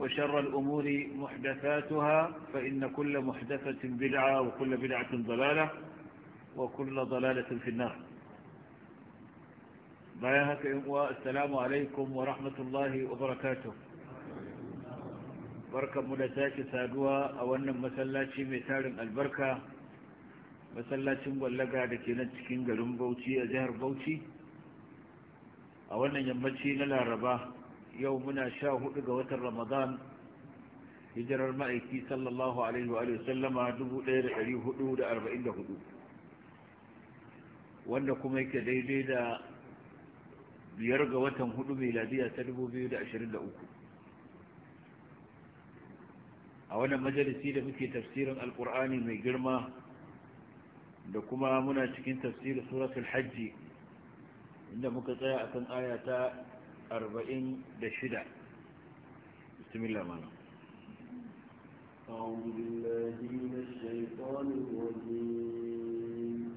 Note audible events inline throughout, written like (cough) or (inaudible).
وشر الأمور محدثاتها فإن كل محدثة بدعة وكل بدعة ضلالة وكل ضلالة في النار السلام عليكم ورحمة الله وبركاته بركة ملتاك سادوها أولا مسلاتي مثال البركة مسلاتي مولقا لكي نتكين قلوم بوتي أزهر بوتي أولا يمتين للا رباه yau muna sha hudu ga watan ramadan hijirar ma'aiki sallallahu alaihi wa sallama 1444 wanda kuma yake daidai da biyar ga watan hudu meladiya ta 2023 a wannan majalisi da muke tafsirin alkur'ani mai girma da kuma muna cikin tafsirin suratul hajji inda muka tsaya akan aya ta أربعين دشدة بسم الله معنا نعم. أعوذ بالله من الشيطان الرجيم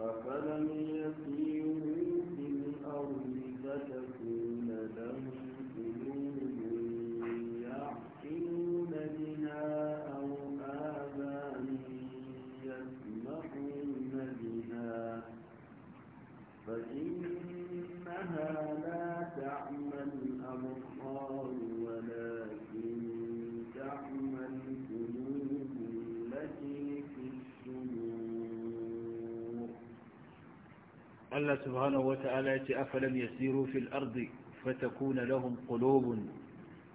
أفلم يسيروا الله سبحانه وتعالى أفلم يسيروا في الأرض فتكون لهم قلوب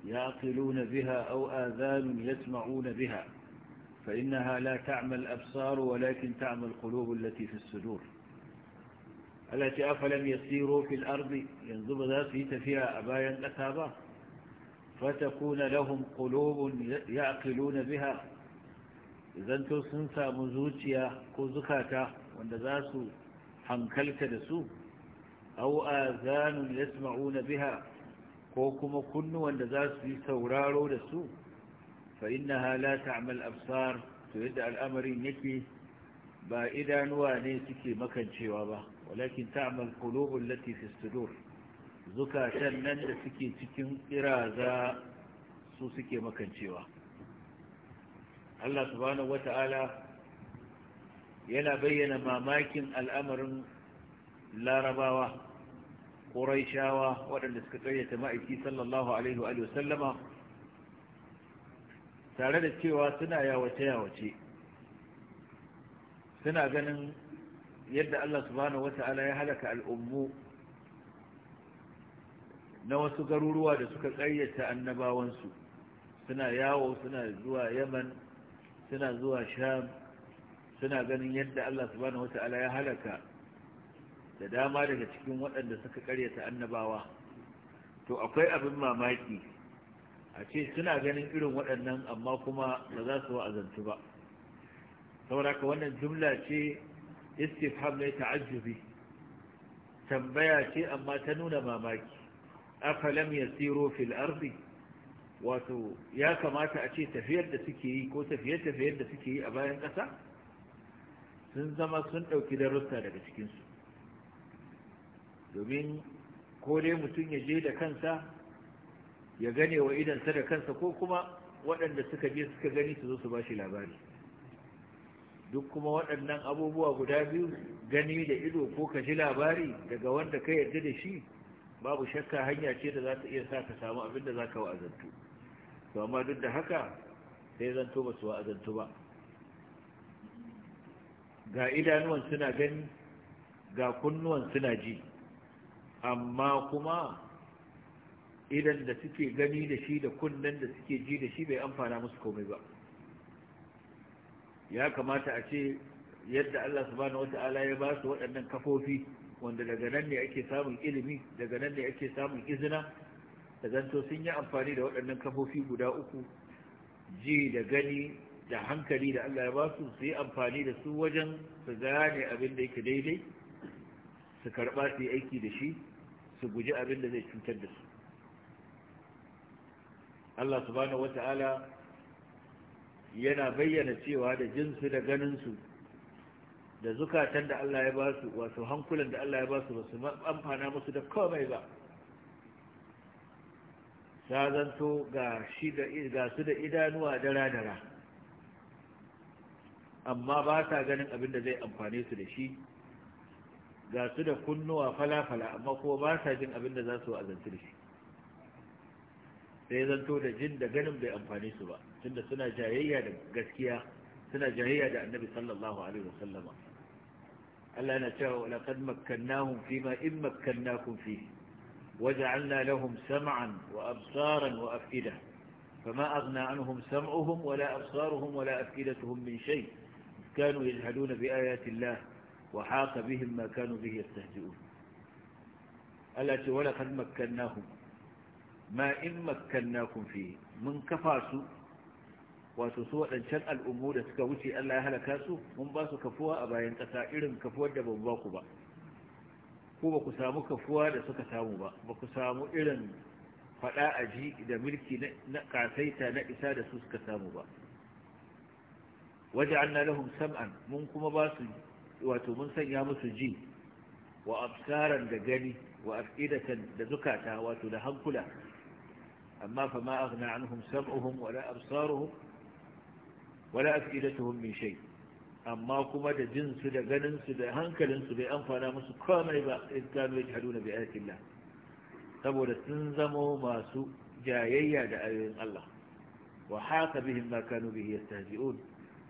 يعقلون بها أو آذان يسمعون بها فإنها لا تعمل أبصار ولكن تعمل قلوب التي في الصدور التي أفلم يسيروا في الأرض ينظر ذات فيها أبايا أثابا فتكون لهم قلوب يعقلون بها إذا أنتم سنسى مزوجيا كوزكاتا وأن ذات hankalta da su au azanun yasma'una biha ko kuma kunnuwan da za su yi sauraro da su fa innaha la ta'mal absar to yadda al'amarin yake ba idanuwa ne suke makancewa ba walakin ta'mal qulubul lati fi sudur zukatan nan da suke cikin kiraza su suke makancewa Allah subhanahu ta'ala. yana bayyana mamakin al'amarin larabawa ƙuraishawa waɗanda suka ƙayyata ma'aiki sallallahu alaihi wa sallama tare da cewa suna yawace-yawace suna ganin yadda Allah subhanahu wata'ala ya halaka al'ummu na wasu garuruwa da suka ƙayyata annabawansu suna yawo suna zuwa yaman suna zuwa sham suna ganin yadda Allah subhanahu wata'ala ya halaka da dama daga cikin waɗanda suka karyata annabawa to akwai abin mamaki a ce suna ganin irin waɗannan amma kuma ba za su wa'azantu ba saboda ka wannan jumla ce istifham ne ta'ajjubi tambaya ce amma ta nuna mamaki afalam yasiru fil ardi wato ya kamata a ce tafiyar da suke yi ko tafiye-tafiyar da suke yi a bayan ƙasa sun zama sun ɗauki darussa daga cikinsu domin ko dai mutum ya je da kansa ya gane wa idansa da kansa ko kuma waɗanda suka je suka gani su zo su ba shi labari duk kuma waɗannan abubuwa guda biyu gani da ido ko ka ji labari daga wanda ka yarda da shi babu shakka hanya ce da za ta iya sa ka samu abin da za ka wa'azantu to amma duk da haka sai zanto ba su wa'azantu ba ga idanuwan suna gani ga kunnuwan suna ji amma kuma idan da suke gani da shi da kunnen da suke ji da shi bai amfana musu komai ba ya kamata a ce yadda Allah subhanahu wata'ala ya ba su waɗannan kafofi wanda daga nan ne ake samun ilimi daga nan ne ake samun izina da zanto sun yi amfani da waɗannan kafofi guda uku ji da gani da hankali da Allah ya ba su su yi amfani da su wajen su gane abin da yake daidai su karɓa su yi aiki da shi su guji abin da zai cutar da su Allah subhanahu wata'ala yana bayyana cewa da jinsu da ganinsu da zukatan da Allah ya ba su wasu hankulan da Allah ya ba su ba su amfana musu da komai ba Sazanto zanto ga su da idanuwa dara-dara amma ba sa ganin abin da zai amfane su da shi ga su da kunnuwa falafala amma kuma ba sa jin abin da za su azantu da shi sai zanto da jin da ganin bai amfane su ba tunda suna jayayya da gaskiya suna jayayya da annabi sallallahu alaihi wasallama Allah yana cewa laqad makkannahum ma in makkannakum fihi وجعلنا لهم سمعا وأبصارا وأفئدة فما أغنى عنهم سمعهم ولا أبصارهم ولا أفئدتهم من شيء كانوا يجحدون بآيات الله وحاق بهم ما كانوا به يستهزئون التي ولقد مكناهم ما إن مكناكم فيه من كفاسوا وتسوء لنشان الأمور تكوتي ألا هلكاسوا من باسوا كفوها أبا ينتسائر كفوها دبن باقبا ko ba ku samu kafuwa da suka samu ba ba ku samu irin fada aji da mulki na kasaita na isa da su suka samu ba waja'alna lahum sam'an mun kuma ba su wato mun sanya musu ji wa absaran da gani wa afidatan da zukata wato da hankula amma fa ma aghna anhum sam'uhum wala absaruhum wala afidatuhum min shay amma kuma da jin su da ganin su da hankalin su bai amfana musu komai ba in kanu yajhaduna bi ayati Allah saboda sun zamo masu jayayya da ayoyin Allah wa haka bihim ma kanu bihi yastahzi'un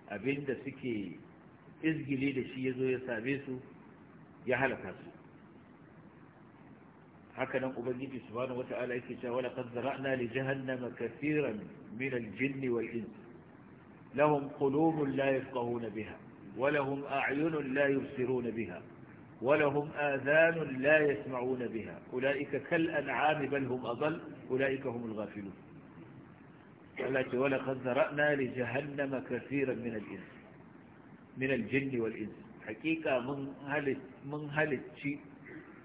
abinda suke izgili da shi ya zo ya same su ya halaka su haka nan ubangiji subhanahu wata'ala yake cewa wala qad zara'na li jahannama kaseeran min al-jinn wal ins lahum qulubun la yafqahuna biha wa lahum a'yunun la yubsiruna biha ولهم آذان لا يسمعون بها أولئك كالأنعام بل هم أضل أولئك هم الغافلون Allah ce wala qad zara'na li jahannama kaseeran min min al-jinn wal mun halicci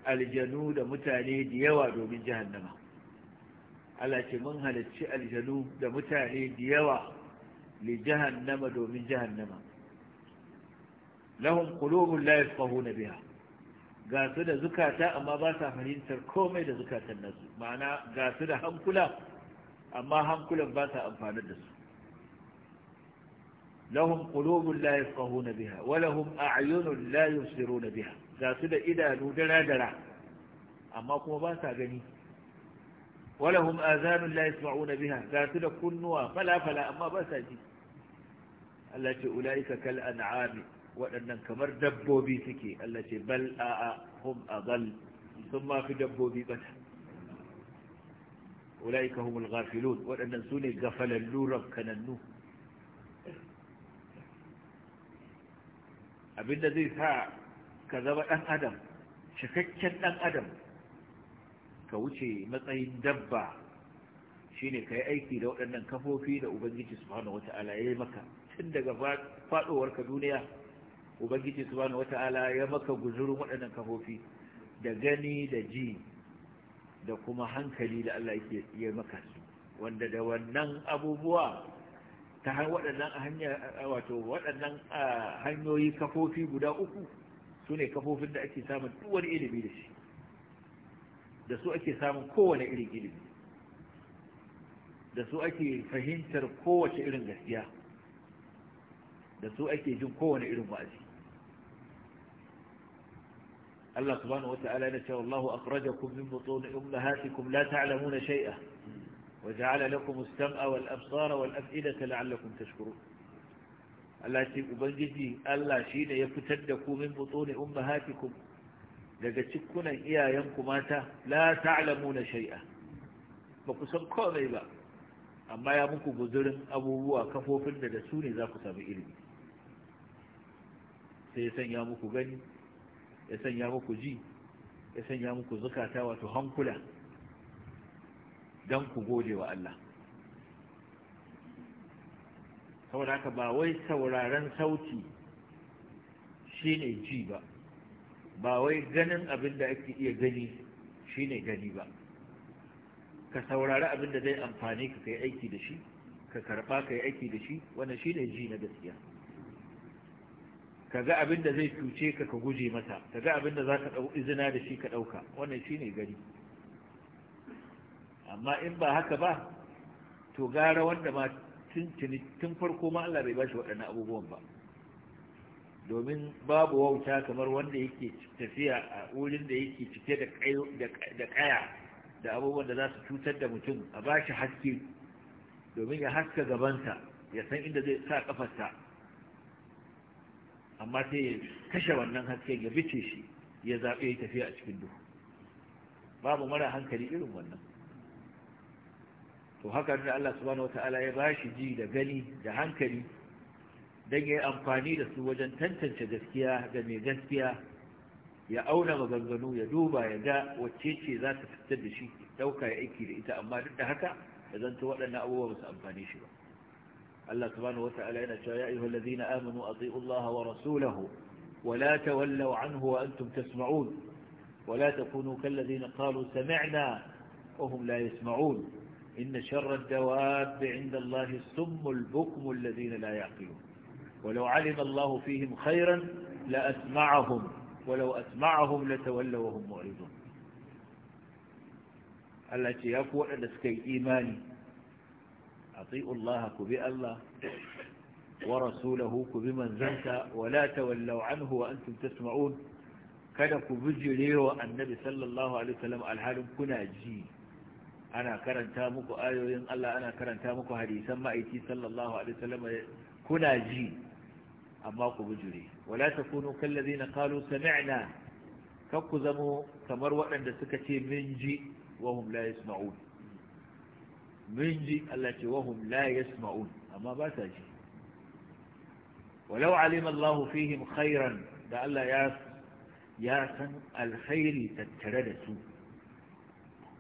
aljanu da mutane da yawa domin jahannama Allah ce mun halicci aljanu da mutane da biha ga da zukata amma basa fahimtar komai da zukatan nasu ma'ana ga da hankula amma hankulan ba sa amfanar da su lahum qulubun la yafqahuna biha wa lahum a'yunun la yubsiruna biha ga su da idanu dara dara amma kuma ba sa gani wa lahum azanun la yasma'una biha ga su da kunnuwa fala fala amma ba sa ji Allah ce ulaika kal an'ami waɗannan kamar dabbobi suke Allah ce bal a'a hum adall sun ma fi dabbobi bata أولئك هم الغافلون sune سوني غفل kanannu. كننو abinda zai sa ka zama ɗan adam cikakken ɗan adam ka wuce matsayin dabba shine ka yi aiki da waɗannan kafofi da ubangiji subhanahu wata'ala ya yi maka tun daga faɗowarka duniya ubangiji subhanahu wata'ala ya maka guzurin waɗannan kafofi da gani da ji da kuma hankali da Allah yake iya maka su wanda da wannan abubuwa ta waɗannan hanya wato waɗannan hanyoyi kafofi guda uku su ne kafofin da ake samun duwar ilimi da shi da su ake samun kowane irin ilimi da su ake fahimtar kowace irin gaskiya da su ake jin kowane irin wa'azi Allah subhanahu wata'ala yana cewa Allahu akhrajakum min butun ummahatikum la ta'lamuna shay'a wa ja'ala lakum as-sam'a wal absara wal af'idata la'allakum tashkurun Allah ce Allah shine ya fitar da ku min butun ummahatikum daga cikunan iyayenku mata la ta'lamuna shai'a ba ku san komai ba amma ya muku guzurin abubuwa kafofin da da su ne za ku sami ilimi sai ya sanya muku gani ya sanya muku ji ya sanya muku zukata wato hankula don ku gode wa Allah saboda haka ba wai sauraren sauti shi ne ji ba ba wai ganin abin da ake iya gani shi ne gani ba ka saurari abin da zai amfani ka kai aiki da shi ka karɓa ka yi aiki da shi wannan ne ji na gaskiya ka ga abin da zai cuce ka ka guje masa ka ga abin da za ka ɗau izina da shi ka ɗauka wannan shi ne gari amma in ba haka ba to gara wanda ma tun farko ma Allah bai bashi waɗannan abubuwan ba domin babu wauta kamar wanda yake tafiya a wurin da yake cike da kaya da abubuwan da za su cutar da mutum a bashi shi haske domin ya haska gabansa ya san inda zai sa kafarsa amma sai ya kashe wannan hasken ya bice shi ya zaɓe ya tafiya a cikin duhu babu mara hankali irin wannan to haka da Allah subhanahu wata'ala ya ba shi ji da gani da hankali don ya yi amfani da su wajen tantance gaskiya da mai gaskiya ya auna maganganu ya duba ya ga wacce ce za ta fitar da shi ɗauka ya aiki da ita amma duk da haka ya zanto waɗannan abubuwa su amfani shi ba الله سبحانه وتعالى يا أيها الذين آمنوا أطيعوا الله ورسوله ولا تولوا عنه وأنتم تسمعون ولا تكونوا كالذين قالوا سمعنا وهم لا يسمعون إن شر الدواب عند الله السم البكم الذين لا يعقلون ولو علم الله فيهم خيرا لأسمعهم ولو أسمعهم لتولوا وهم معرضون التي يفوح نسكي إيماني أطيعوا الله كبئ الله ورسوله كبئ من زنت ولا تولوا عنه وأنتم تسمعون kada ku bijire wa annabi sallallahu alaihi wasallam alhalin kuna ji ana karanta muku ayoyin Allah ana karanta muku hadisan ma'aiki sallallahu alaihi wasallam kuna ji amma ku bijire wala takunu kal ladina qalu sami'na kakku zamo kamar waɗanda suka ce min ji wa hum la mun ji Allah ce wahum la yasma'un amma ba sa ji walau alima Allah fihim khairan da Allah ya ya san alkhairi tattare da su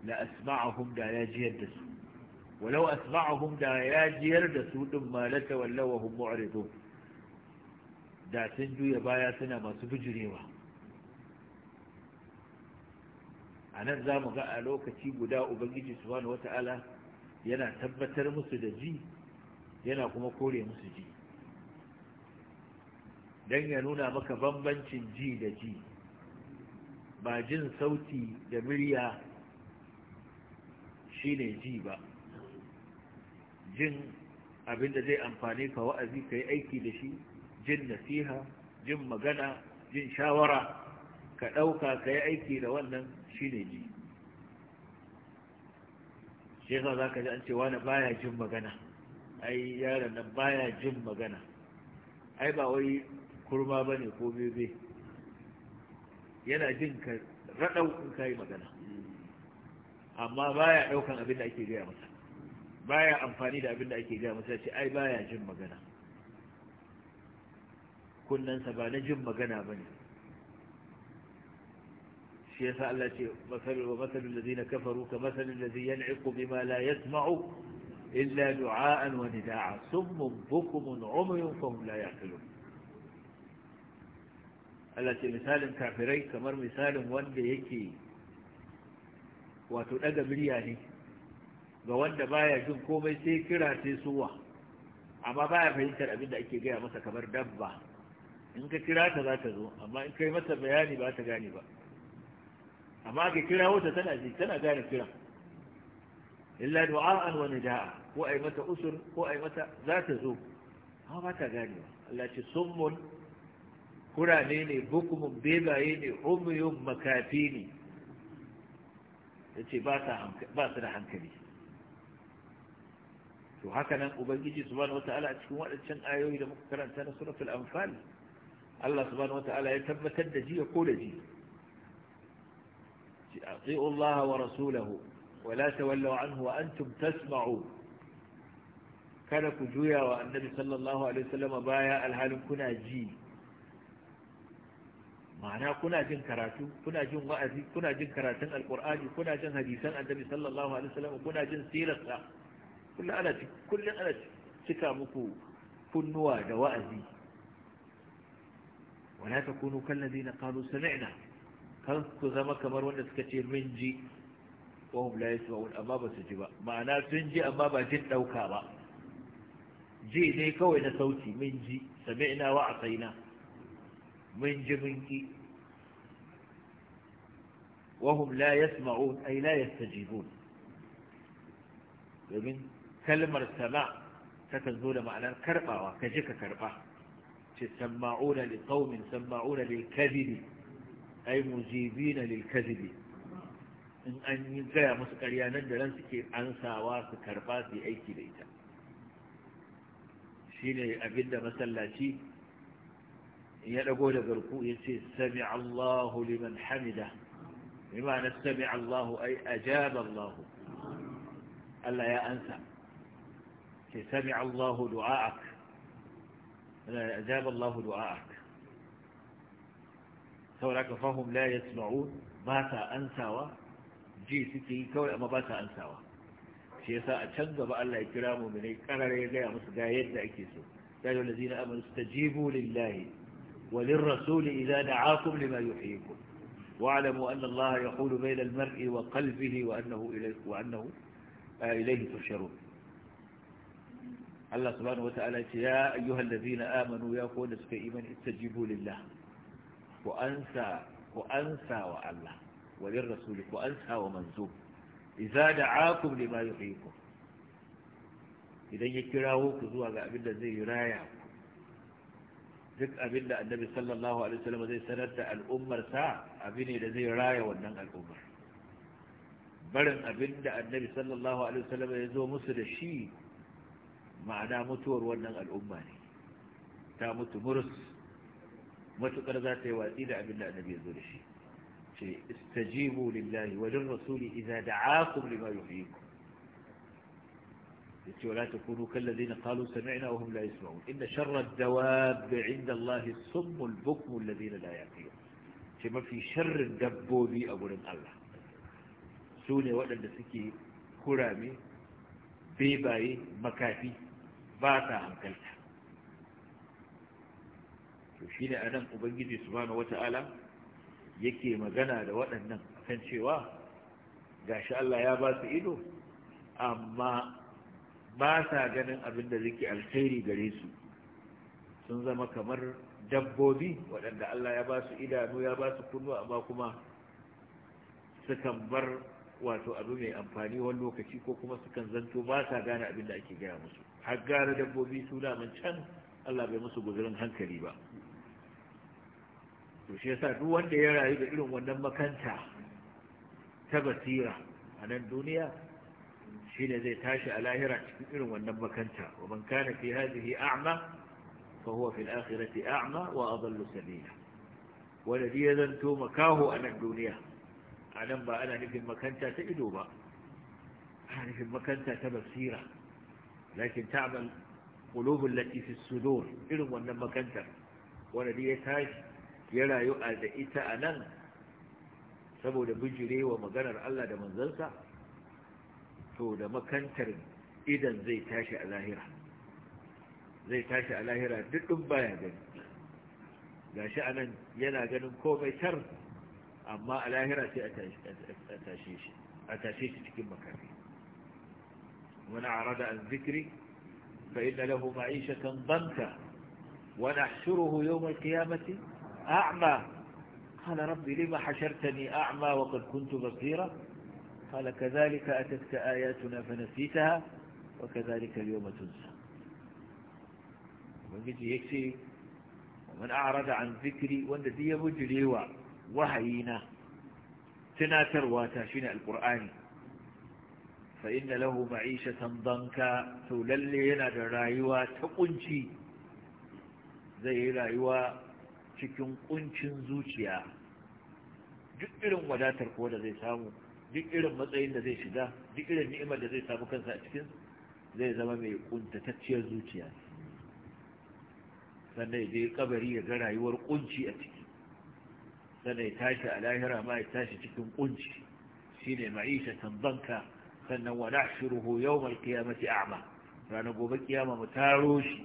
la asma'ahum da ya jiyar da su walau asma'ahum da ya jiyar da su din ma la tawallaw mu'ridun da sun juya baya suna masu bijirewa a nan za mu ga a lokaci guda ubangiji subhanahu wata'ala yana tabbatar musu da ji yana kuma kore musu ji don ya nuna maka bambancin ji da ji ba jin sauti da murya shine ji ba jin abinda zai amfani ka wa'azi ka yi aiki da shi jin nasiha jin magana jin shawara ka ɗauka ka yi aiki da wannan shine ji shi yasa za ka ji an ce wani baya jin magana ai yaron nan baya jin magana ai ba wai kurma ba ne ko bebe yana jin ka raɗau in ka yi magana amma baya ɗaukan abin da ake gaya masa baya amfani da abin da ake gaya masa ce ai baya jin magana kunnansa ba na jin magana ba ne shi yasa Allah ce masalul wa masalul ladina kafaru ka masalul ladhi yan'iqu bima la yasma'u illa du'a'an wa nida'a summun bukumun umyun fahum la yaqilun Allah ce misalin kafirai kamar misalin wanda yake wato daga murya ne ga wanda baya jin komai sai kira sai suwa amma baya fahimtar abin da ake gaya masa kamar dabba in ka kira ta za ta zo amma in kai masa bayani ba ta gane ba amma aka kira wata tana ji tana gane kira illa du'a'an wa nida'a ko ai mata usur ko ai mata za ta zo amma ba ta gane Allah ce summun kurane ne bukumun bebaye ne umyun makafi ne ce ba su da hankali to haka nan ubangiji su bani wata'ala a cikin waɗancan ayoyi da muka karanta na suratul anfal Allah subhanahu wata'ala ya tabbatar da ji ko da ji أطيعوا الله ورسوله ولا تولوا عنه وأنتم تسمعوا kada ku juya wa annabi sallallahu alaihi wasallam baya alhalin kuna ji ma'ana kuna jin karatu kuna jin wa'azi kuna jin karatun alqur'ani kuna jin hadisan annabi sallallahu alaihi wasallam kuna jin sirarsa kullum ana cika muku kunnuwa da wa'azi wala takunu kallazina kan ku zama kamar wanda suka ce min ji wahum hum la yasma'un amma ba su ji ba ma'ana sun ji amma ba jin dauka ba ji ne kawai na sauti min ji sami'na wa asaina min ji min ki Wahum hum la yasma'un ay la yastajibun domin kalmar sama takan zo da ma'anar karbawa ka ji ka karba ce sama'una li qaumin sama'una lil kadhibi ai mujibina lil kadhibi in an yi gaya musu ƙarya nan da nan suke ansawa su karba su aiki da ita shine abinda masallaci ya dago da garku ya ce sami Allahu liman hamida bima na sami Allahu ajaba Allahu Allah ya ansa ce sami Allahu du'a'ak ajaba Allahu du'a'ak sauraka fahim la yasma'un ba ta ansawa ji suke yi kawai amma ba ta ansawa shi ya sa a can gaba Allah ya kira mu ne karare ya gaya musu ga yadda ake so ya yi walazi na amanu jibu lillahi walin rasuli idza da'akum lima yuhyikum wa'lamu anna Allah yaqulu bai da mari wa kalbihi wa annahu ilayhi wa annahu uh, ilayhi tusharun Allah subhanahu wa ta'ala ya ce ya ayyuhal ladina amanu ya ku da suka imani jibu lillahi ku ansa ku ansa wa Allah wa lir rasul ku ansa wa manzo idza da'akum lima yuhyikum idan ya kirawo ku zuwa ga abin da zai raya ku duk abin da annabi sallallahu alaihi wasallam zai sanar da al'ummar sa abin ne da zai raya wannan al'ummar barin abin da annabi sallallahu alaihi wasallam ya zo musu da shi ma'ana mutuwar wannan al'umma ne ta mutu murus matuƙar za ta yi watsi da abin da annabi ya zo da shi ce istajibu lillahi wa lir rasuli idza da'akum lima yuhyikum yace wala takunu kal ladina qalu sami'na wa hum la yasma'un inna sharra ad-dawab 'inda Allah as-summ al-bukm alladhina la yaqilun ce mafi sharrin dabbobi a gurin Allah su ne waɗanda suke kurame bebaye makafi ba ta hankalta to shi ne a nan ubangiji subhanahu wata'ala yake magana da waɗannan kan cewa gashi Allah ya ba su ido amma ba sa ganin abin da zai alkhairi gare su sun zama kamar dabbobi waɗanda Allah ya ba su idanu ya ba su kunnuwa amma kuma sukan bar wato abu mai amfani wani lokaci ko kuma sukan zanto ba sa gane abin da ake gaya musu har gara dabbobi su daman can Allah bai musu guzurin hankali ba to shi yasa duk wanda ya rayu da irin wannan makanta ta basira a nan duniya shi ne zai tashi a lahira cikin irin wannan makanta wa man kana fi hadhihi a'ma fa huwa fi al-akhirati a'ma wa adallu sabila wanda ya zanto makaho a nan duniya a nan ba ana nufin makanta ta ido ba ana nufin makanta ta basira lakin ta'mal qulubul lati fi sudur irin wannan makantar wanda ya tashi ya rayu a da ita a nan saboda bijire wa maganar Allah da manzansa to da makantar idan zai tashi a lahira zai tashi a lahira baya gani gashi a nan yana ganin komai tar amma a lahira sai a tashe shi cikin makafi wani arada an zikiri fa inna lahu ma'ishatan banka wa nahshuruhu yawm al-qiyamati أعمى قال ربي لما حشرتني أعمى وقد كنت بصيرا قال كذلك أتتك آياتنا فنسيتها وكذلك اليوم تنسى ومن يجي يكسي ومن أعرض عن ذكري والذي ذي مجلي وهينا تناتر واتاشنا القرآن فإن له معيشة ضنكا تولى ثللينا درايوا تقنشي زي رايوا cikin kuncin zuciya duk irin wadatar ko da zai samu duk irin matsayin da zai shiga duk irin ni'imar da zai samu kansa a cikin zai zama mai kuntatacciyar zuciya sannan ya je kabari ya ga rayuwar kunci a ciki sannan ya tashi a lahira ma ya tashi cikin kunci shine ma'isha banka sannan wa nahshuruhu yawmal qiyamati a'ma ranar gobe kiyama mu taro shi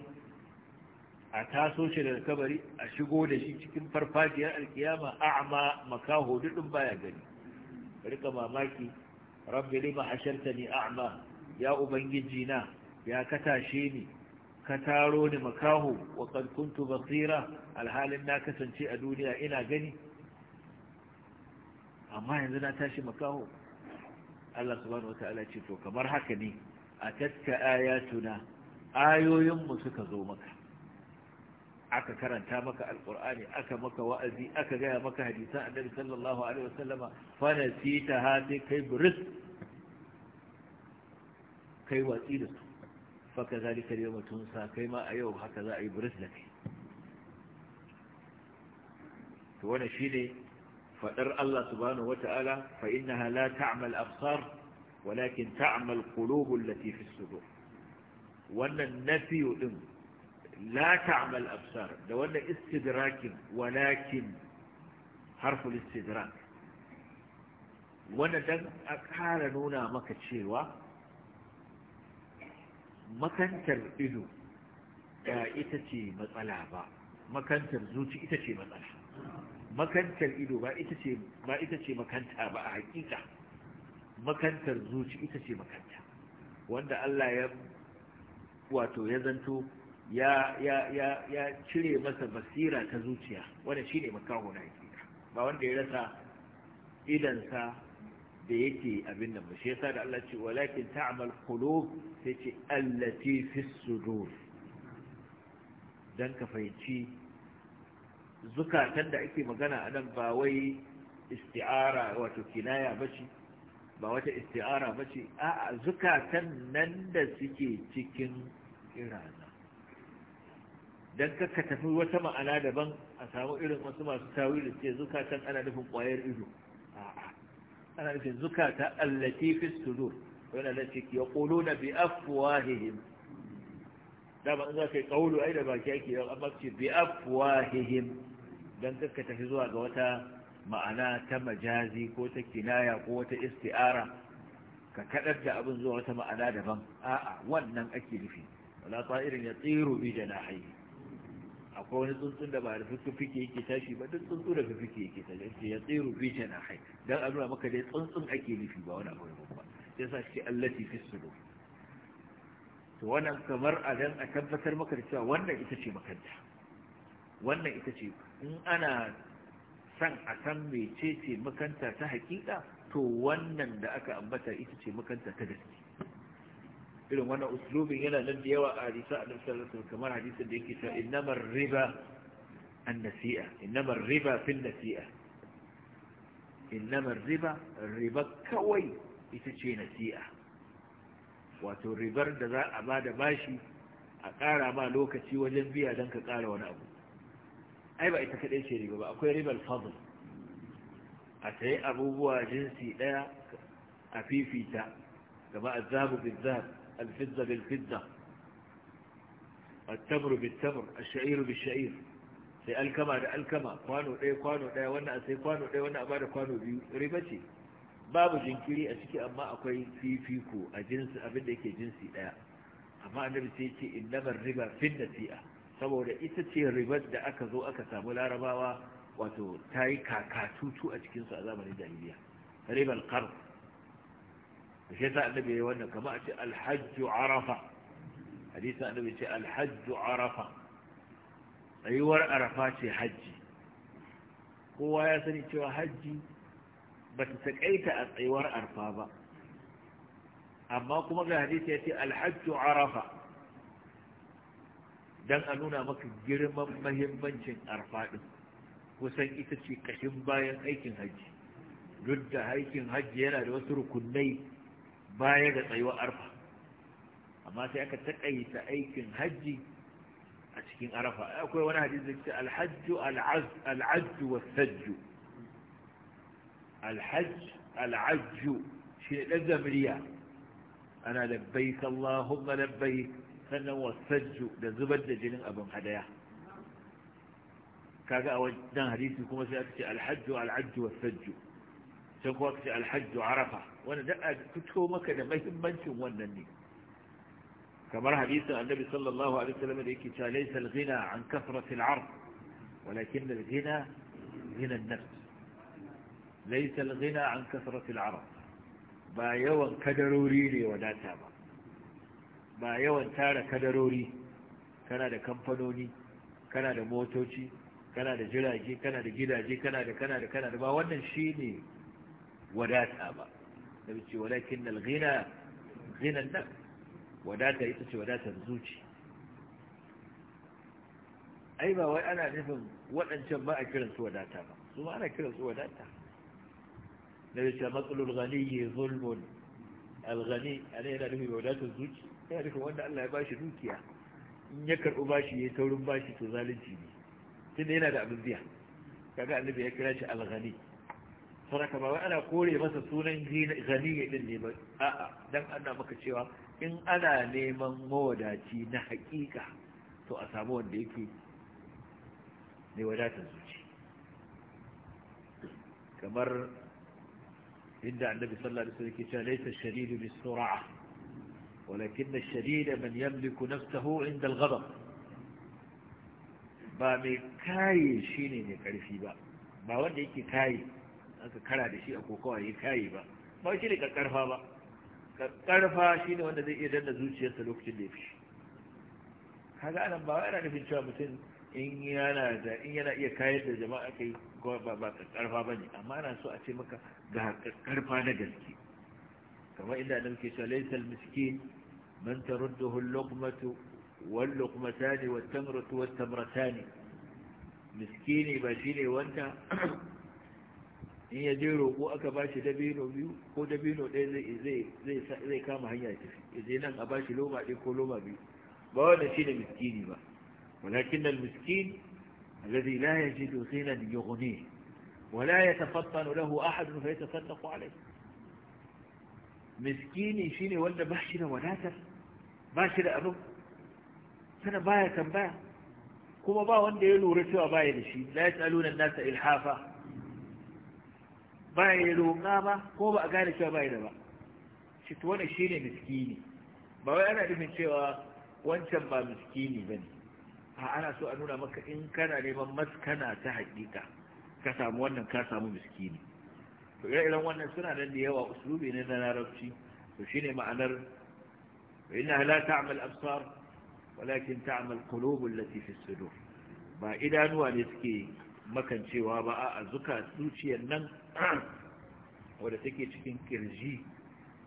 a taso shi daga kabari a shigo da shi cikin farfajiyar alkiyama a'ma makaho dudun baya gani rika mamaki rabbi lima hashartani a'ma ya ubangiji na ya katashe ni ka taro ni makaho wa qad basira alhalin na kasance a duniya ina gani amma yanzu na tashi makaho Allah subhanahu wataala ce to kamar haka ne a tatta ayatuna ayoyin mu suka zo maka aka karanta maka alkur'ani aka maka wa'azi aka gaya maka hadisan annabi sallallahu alaihi wasallama fa nasita ha sai kai buris kai watsi da su fa kazalika yawma tunsa kai ma a yau haka za a yi buris da kai to wannan shine fadar Allah subhanahu wata'ala fa innaha la ta'mal absar walakin ta'mal qulubul lati fi sudur wannan nafiyu din la ta'mal absar da wannan istidrakin walakin harful istidrak wannan dan a ƙara nuna maka cewa makantar ido da ita ce matsala ba makantar zuci ita ce matsala makantar ido ba ita ce ba ita ce makanta ba a hakika makantar zuci ita ce makanta wanda Allah ya wato ya zanto ya cire masa basira ta zuciya wanda ne makaho na hakika ba wanda ya rasa idansa da yake abin nan ba shi yasa da Allah ce walakin ta'mal qulub sai ce allati fi sudur dan ka fahimci zukatan da ake magana a nan ba wai isti'ara wato kinaya bace ba wata isti'ara bace a'a zukatan nan da suke cikin irana dan kaka tafi wata ma'ana daban a samu irin wasu masu tawili ce zukatan ana nufin kwayar ido a'a ana nufin zukata allati fi sudur wala Ya tiki yaquluna bi afwahihim da ba za ka yi kaulu ai da baki ake yau amma ce bi afwahihim dan kakka tafi zuwa ga wata ma'ana ta majazi ko ta kinaya ko wata isti'ara ka kadar da abin zuwa wata ma'ana daban a'a wannan ake nufi wala irin ya tsiru bi janahihi akwai wani tsuntsun da ba da fuffuke yake tashi ba duk tsuntsu da fuffuke yake tashi ce ya tsiru fi na hai dan a nuna maka dai tsuntsun ake nufi ba wani abu ba sai sa shi allati fi sudur to wannan kamar a dan a tabbatar maka da cewa wannan ita ce makanta wannan ita ce in ana san a san mecece makanta ta hakika to wannan da aka ambata ita ce makanta ta gaske irin wannan uslubin yana nan da yawa a hadisa a sallallahu alaihi kamar hadisin da yake ta, innamar riba an-nasi'a innamar riba fin nasi'a innamar riba riba kawai ita ce nasi'a wato ribar da za a ba da bashi a ƙara ma lokaci wajen biya don ka ƙara wani abu ai ba ita kaɗai ce riba ba akwai ribar fadl a sayi abubuwa jinsi ɗaya a fifita gaba a zabu bizar الفضة بالفضة التمر بالتمر الشعير بالشعير sai alkama da alkama kwano ɗaya kwano ɗaya wannan a sai kwano ɗaya wannan a ba da kwano biyu riba ce babu jinkiri a ciki amma akwai fifiko a jinsi abin da yake jinsi ɗaya amma annabi sai ce innamar riba fin nasi'a saboda ita ce ribar da aka zo aka samu larabawa wato ta yi kakatutu a cikinsu a zamanin jahiliya ribar qarn shi yasa annabi yi wannan kama a ce alhajju arafa hadisi annabi ce alhajju arafa tsayuwar arafa ce hajji kowa ya sani cewa hajji ba ta taƙaita a tsayuwar arafa ba amma kuma ga hadisi ya ce alhajju arafa don a nuna maka girman mahimmancin arfa ɗin kusan ita ce kashin bayan aikin hajji duk da aikin hajji yana da wasu rukunai baya ga tsayuwar arfa amma sai aka taƙaita aikin hajji a cikin arafa akwai wani hadisi da ce alhajju al'ajju wasajju alhajj al'ajju shi ne ɗan zamiriya ana labbai sallahumma labbai sannan wasajju da zubar da jinin abin hadaya kaga a wajen hadisi kuma sai aka ce alhajju al'ajju wasajju sai kuma ka ce alhajju arafa wanda da a fito maka da mahimmancin wannan ne kamar hadisin annabi sallallahu alaihi wasallam da yake cewa laysa al an kathrati al-'arf walakin al-ghina ghina an-nafs laysa al an kathrati al-'arf ba yawan kadarori ne wadata ba ba yawan tara kadarori kana da kamfanoni kana da motoci kana da jirage kana da gidaje kana da kana da kana da ba wannan shine wadata ba nabi ce walakin al-ghina ghina an wadata ita ce wadatar zuci ai ba wai ana nufin waɗancan ba a kiran su wadata ba su ma ana kiran su wadata nabi ce matsalul ghani zulmun al A ana yana nufin wadatar zuci yana nufin wanda Allah ya bashi dukiya in ya karɓi bashi ya taurin bashi to zalunci ne tunda yana da abin biya kaga annabi ya kira shi al-ghani saraka ba ana kore masa sunan ganiya din ne ba a'a dan ana maka cewa in ana neman mawadaci na hakika to a samu wanda yake mai wadatar zuci kamar inda annabi sallallahu alaihi wasallam yake cewa laysa shadidu bisur'a ولكن الشديد من يملك نفسه عند الغضب ba mai kaye shine mai karfi ba ba wanda yake kaye aka kara da shi a kokawa ya kayi ba ba shi ne kakkarfa ba kakkarfa shi ne wanda zai iya danna zuciyarsa lokacin da ya fi kaga anan ba yana nufin cewa mutum in yana da in yana iya kayar da jama'a kai ba ba kakkarfa bane amma ana so a ce maka ga kakkarfa na gaske kamar inda nan ke cewa laysal miskin man tarudduhu al-luqmatu wal luqmatani wat tamratu wat tamratani miskini ba shi ne wanda in ya je roƙo aka ba shi dabino biyu ko dabino ɗaya zai kama hanya tafi ya je nan a ba shi loma ɗaya ko loma biyu ba wanda shi da miskini ba walakin da miskin alladhi la yajidu لا yughni wa la yatafattanu lahu ahad fa فيتصدق alayh miskini shine wanda ba shi da wadatar ba shi da abu sana baya tambaya kuma ba wanda ya lura cewa baya da shi la yasaluna an-nasa ilhafa ba ya roƙa ba ko ba a gane cewa ba ya da ba shi to wannan shine miskini ba wai ana nufin cewa wancan ba miskini ba ne a ana so a nuna maka in kana neman maskana ta haƙiƙa ka samu wannan ka samu miskini to ire-iren wannan suna nan da yawa usulubi ne na larabci to shi ne ma'anar inna la ta'mal absar walakin ta'mal qulubul lati fi sudur ba idanuwa ne suke makancewa ba a zuka zuciyar nan (clears throat) wadda take cikin kirji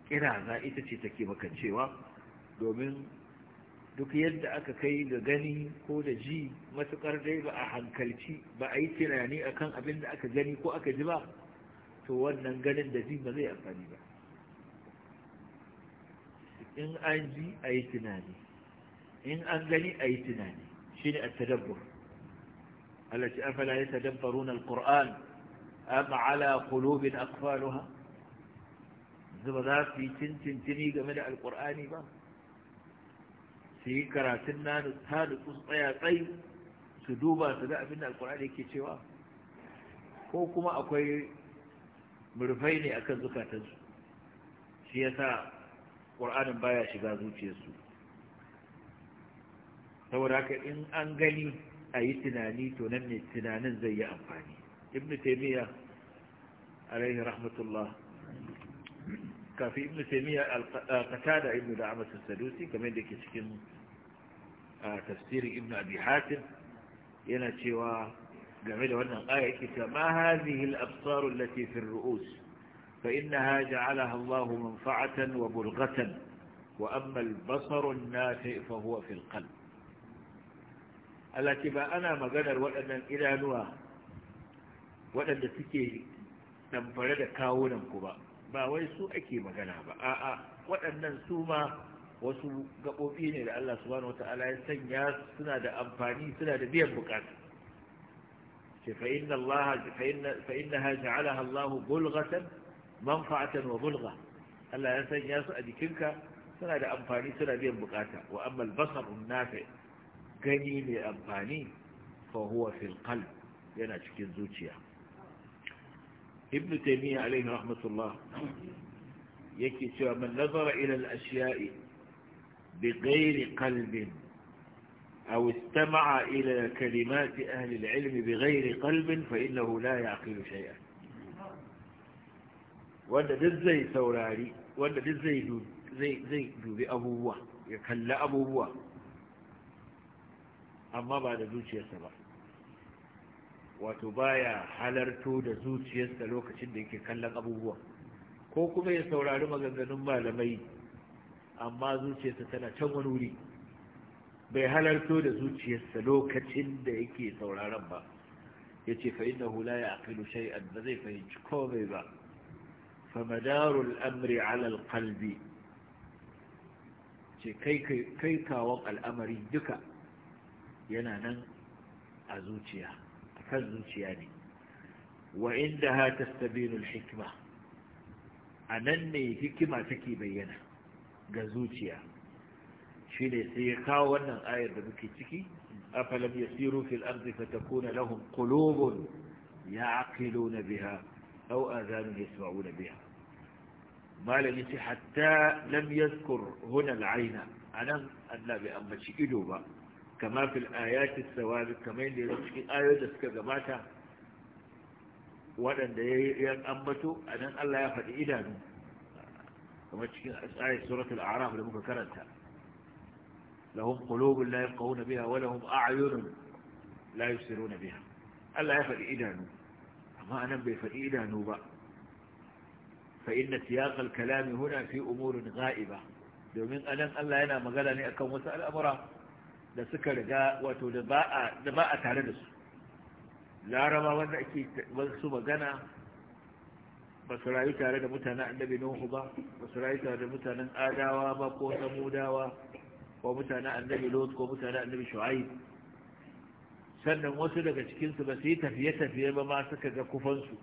kiraza ita ce take makancewa domin duk yadda aka kai ga gani ko da ji matukar dai ba a hankalci ba a yi tunani kan abin da aka gani ko aka ji ba to wannan ganin da ji ba zai amfani ba in an ji a yi tunani in an gani a yi tunani shi ne a tadabbur التي أفلا يتدبرون القرآن أم على قلوب أقفالها زبذات في تنتن تنيق من القرآن با سيكرا تنان الثالث أسطيا طيب سدوبا سداء من القرآن كتوا كوكما أكوي مرفيني أكن زكاتنسو سيسا قرآن بايا شغازو تيسو saboda haka in an gani a yi tunani to nan ne tunanin zai yi amfani ibn taimiyya alaihi rahmatullah kafin ibn taimiyya alƙata da ibn da amasu sadusi kamar da ke cikin tafsirin ibn abi hatim yana cewa game da wannan aya yake cewa ma hadhihi al-absar allati fi ar-ru'us fa innaha ja'alaha Allah manfa'atan wa bulghatan wa amma al-basar an-nafi' fa huwa fi al-qalb Allah ba ana maganar waɗannan idanuwa waɗanda suke ɗamfare da kawunanku ku ba ba wai su ake magana ba a'a waɗannan su ma wasu gaɓoɓi ne da Allah subhanahu wata'ala ya sanya suna da amfani suna da biyan bukata ce fa inna ha ja'alaha Allah bulghatan manfa'atan wa bulgha Allah ya sanya su a jikinka suna da amfani suna biyan bukata wa amma al nafi' gani mai amfani fahuwa fil qalb yana cikin zuciya ibn taymiya alayhi rahmatullah yake cewa man nazara ila al ashiya'i bi ghairi qalbin aw istama'a ila kalimat ahli al-ilm bi ghairi qalbin fa innahu la يعقل shay'an wanda duk zai saurari wanda duk zai dubi abubuwa ya kalli abubuwa amma ba da zuciyarsa ba wato baya halarto da zuciyarsa lokacin da yake kallon abubuwa ko kuma ya saurari maganganun malamai amma zuciyarsa tana can wani wuri bai halarto da zuciyarsa lokacin da yake sauraron ba ya ce fa inna hula ya aqilu shay'an ba zai fahimci komai ba fa madarul amri ala kalbi ce kai kawon al'amari duka yana nan a zuciya a kan zuciya ne wa inda ha tastabinul hikima a nan ne hikima take bayyana ga zuciya shi ne sai ya kawo wannan ayar da muke ciki afalam yasiru fil ardi na biya, qulubun a biha aw adhanun na biya. malam yace hatta lam yadhkur huna al-ayna anan Allah bai ambaci ido ba kama fil ayati sawabi kamar yadda yake cikin ayoyin da suka gabata waɗanda ya yi ambato a nan Allah ya faɗi idanu kamar cikin ayat suratul a'raf da muka karanta lahum qulubun la yafqahuna biha wa lahum a'yunun la yusiruna biha Allah ya faɗi idanu amma anan bai faɗi idanu ba fa inna siyaqal kalami huna fi umurin ghaiba domin anan Allah yana magana ne akan wasu al'amura da suka riga wato da ba a tare da su laraba wanda ake wasu magana ba su rayu tare da mutanen annabi nuhu ba ba su rayu tare da mutanen adawa ba ko samudawa ko mutanen annabi lot ko mutanen annabi shu'aib sannan wasu daga cikinsu ba su yi tafiye-tafiye ba ma suka ga kufansu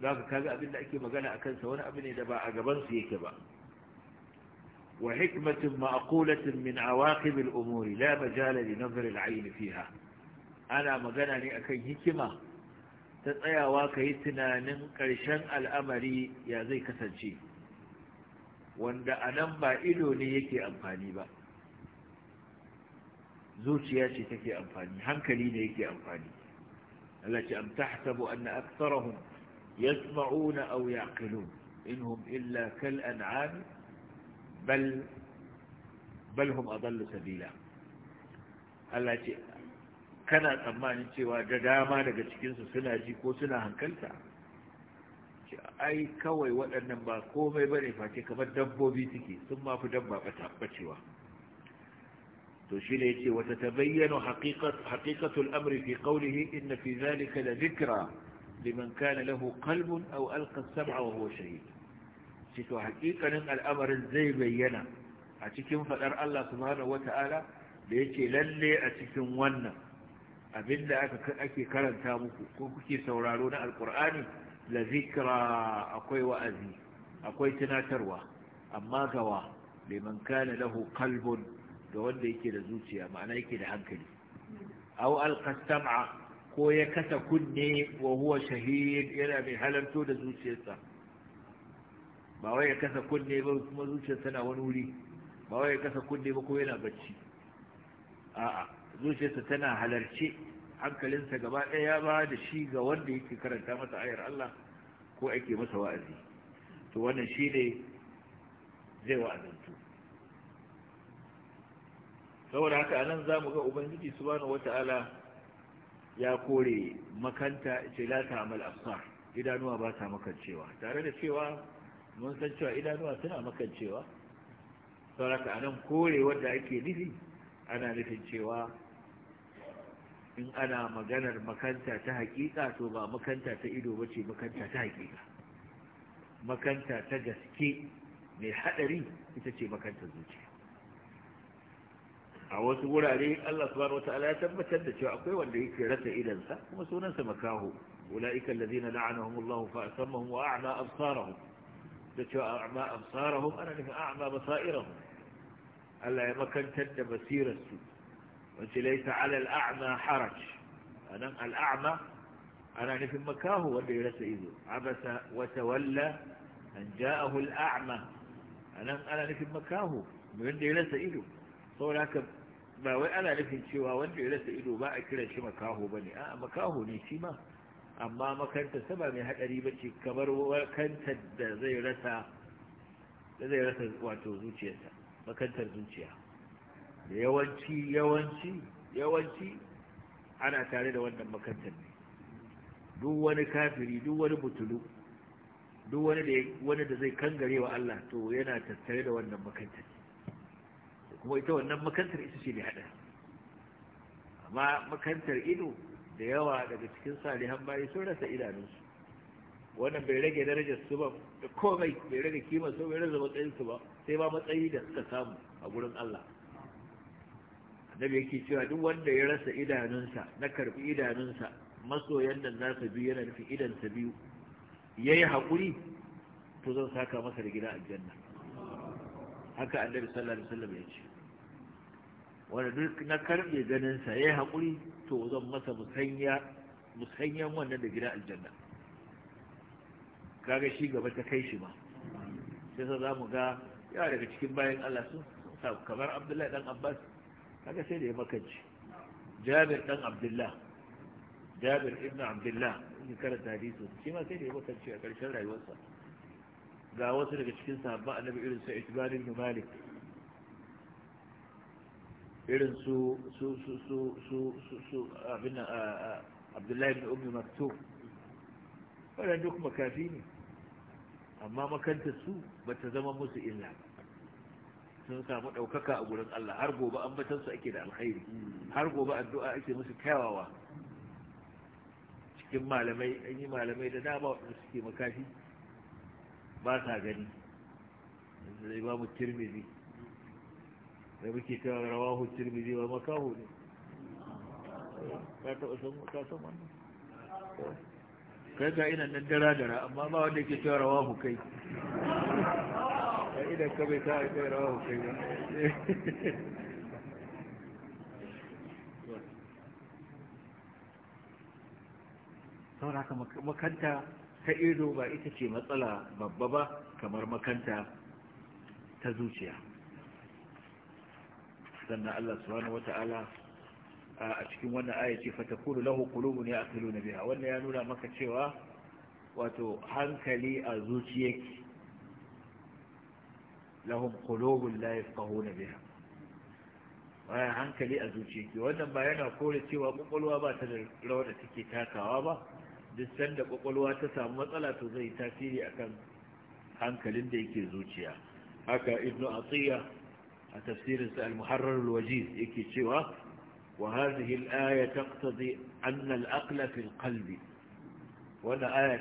za ka kaga abin da ake magana a kansa wani abu ne da ba a gabansu yake ba وحكمة معقولة من عواقب الأمور لا مجال لنظر العين فيها أنا مغنى أكي هكما تطيع واكي تنان قرشان الأمر يا ذي كسنشي وأن أنم إلو نيكي أمفاني با زوجياتي تكي أمفاني هنكلي نيكي أمفاني التي أم تحسب أن أكثرهم يسمعون أو يعقلون إنهم إلا كالأنعام bal bal hum adallu sabila Allah ce kana tsammanin cewa da dama daga cikinsu suna ji ko suna hankalta ce ai kawai waɗannan ba komai bane face kamar dabbobi suke sun ma fi dabba bacewa to shi ne ce wata tabayyana haqiqatul amri fi qawlihi inna fi zalika la dhikra liman kana lahu qalbun au alƙasar a wa shahid ce to hakikanin al'amarin zai bayyana a cikin faɗar Allah subhanahu wata'ala da yake lalle a cikin wannan abinda aka ake karanta muku ko kuke sauraro na Alƙur'ani, la akwai wa'azi akwai tunatarwa amma gawa liman kana lahu qalbun ga wanda yake da zuciya ma'ana yake da hankali Au alƙasama ko ya kasa kunne wa huwa shahid yana mai halarto da zuciyarsa ba wai ya kasa kunne ba kuma zuciyar tana wani wuri ba wai ya kasa kunne ba ko yana bacci a'a zuciyarsa tana halarce hankalinsa gaba ɗaya ya ba da shi ga wanda yake karanta masa ayar Allah ko ake masa wa'azi to wannan shi ne zai wa'azantu saboda haka anan za mu ga ubangiji subhanahu wata'ala ya kore makanta ce la ta'amal afsar idanuwa ba ta makancewa tare da cewa mun san cewa idanuwa suna makancewa sauraka a nan kore wanda ake nufi ana nufin cewa in ana maganar makanta ta hakika to ba makanta ta ido ba ce makanta ta hakika makanta ta gaske mai hadari ita ce makanta zuciya a wasu wurare Allah subhanahu wata'ala ya tabbatar da cewa akwai wanda yake rasa idansa kuma sunansa makaho ula'ika allazina la'anahumullahu fa asammahum wa a'ma absarahum ذكي أعمى أبصارهم أنا لما أعمى بصائرهم ألا ما كنت أنت بسير وأنت ليس على الأعمى حرج أنا الأعمى أنا في مكاه وأنت إلى سيده عبس وتولى أن جاءه الأعمى أنا أنا في مكاه وأنت إلى سيده فولاك ما وأنا نفي الشواء وأنت إلى سيده ما أكلش مكاه بني آه مكاه نيشي ما amma makanta sama mai hadari ba ce kamar makantar da zai rasa da zai rasa wato zuciyarsa makantar zuciya da yawanci yawanci yawanci ana tare da wannan makantar ne duk wani kafiri duk wani butulu duk wani da wani da zai kangare wa Allah to yana tattare da wannan makantar kuma ita wannan makantar ita ce mai hadari amma makantar ido da yawa daga cikin salihan bayi sun rasa idanunsu wannan bai rage darajar su ba da komai bai rage kima su bai rage matsayin ba sai ba matsayi da suka samu a gurin Allah annabi yake cewa duk wanda ya rasa idanunsa na karbi idanunsa masoyan nan nasa biyu yana nufin idansa biyu yayi hakuri to zan saka masa da gida aljanna haka annabi sallallahu alaihi wasallam ya ce wanda duk na karbe ganinsa ya yi haƙuri to zan masa musanyan wannan da gida aljanna kaga shi gaba ta kai shi ma sai sa za mu ga yawa daga cikin bayan Allah su kamar Abdullahi dan Abbas kaga sai da ya makanci Jabir dan Abdullah Jabir ibn Abdullah in karanta hadisi shi ma sai da ya makanci a ƙarshen rayuwarsa ga wasu daga cikin sahabba annabi irin sa Itbar ibn Malik irin su su su su su su su abin abdullahi bin ummi maktub wadanda duk makafi ne amma makanta su bata zama musu illa sun samu ɗaukaka a gurin Allah har gobe an su ake da alkhairi har gobe addu'a ake musu kyawawa cikin malamai an yi malamai da dama waɗanda suke makafi ba sa gani zai ba mu tirmidhi da muke cewa rawahu tirmidhi wa makahu ne ka taɓa san ka san wannan kai ga ina nan dara dara amma ba wanda ke cewa rawahu kai idan ka bai ta kai rawahu kai ba saboda haka makanta ta ido ba ita ce matsala babba ba kamar makanta ta zuciya sannan Allah subhanahu wata'ala a cikin wannan aya ce Kudu lahu qulubun ya'qiluna biha wannan ya nuna maka cewa wato hankali a zuciya lahu qulubun la yafqahuna biha bayan hankali a zuciya wannan ba yana kore cewa kwakwalwa ba ta da rawa da take takawa ba duk sanda kwakwalwa ta samu matsala to zai tasiri akan hankalin da yake zuciya haka ibnu atiyah a tafsirinsa al-muharrar wajiz yake cewa wa hadhihi al-aya taqtadi an al-aql fi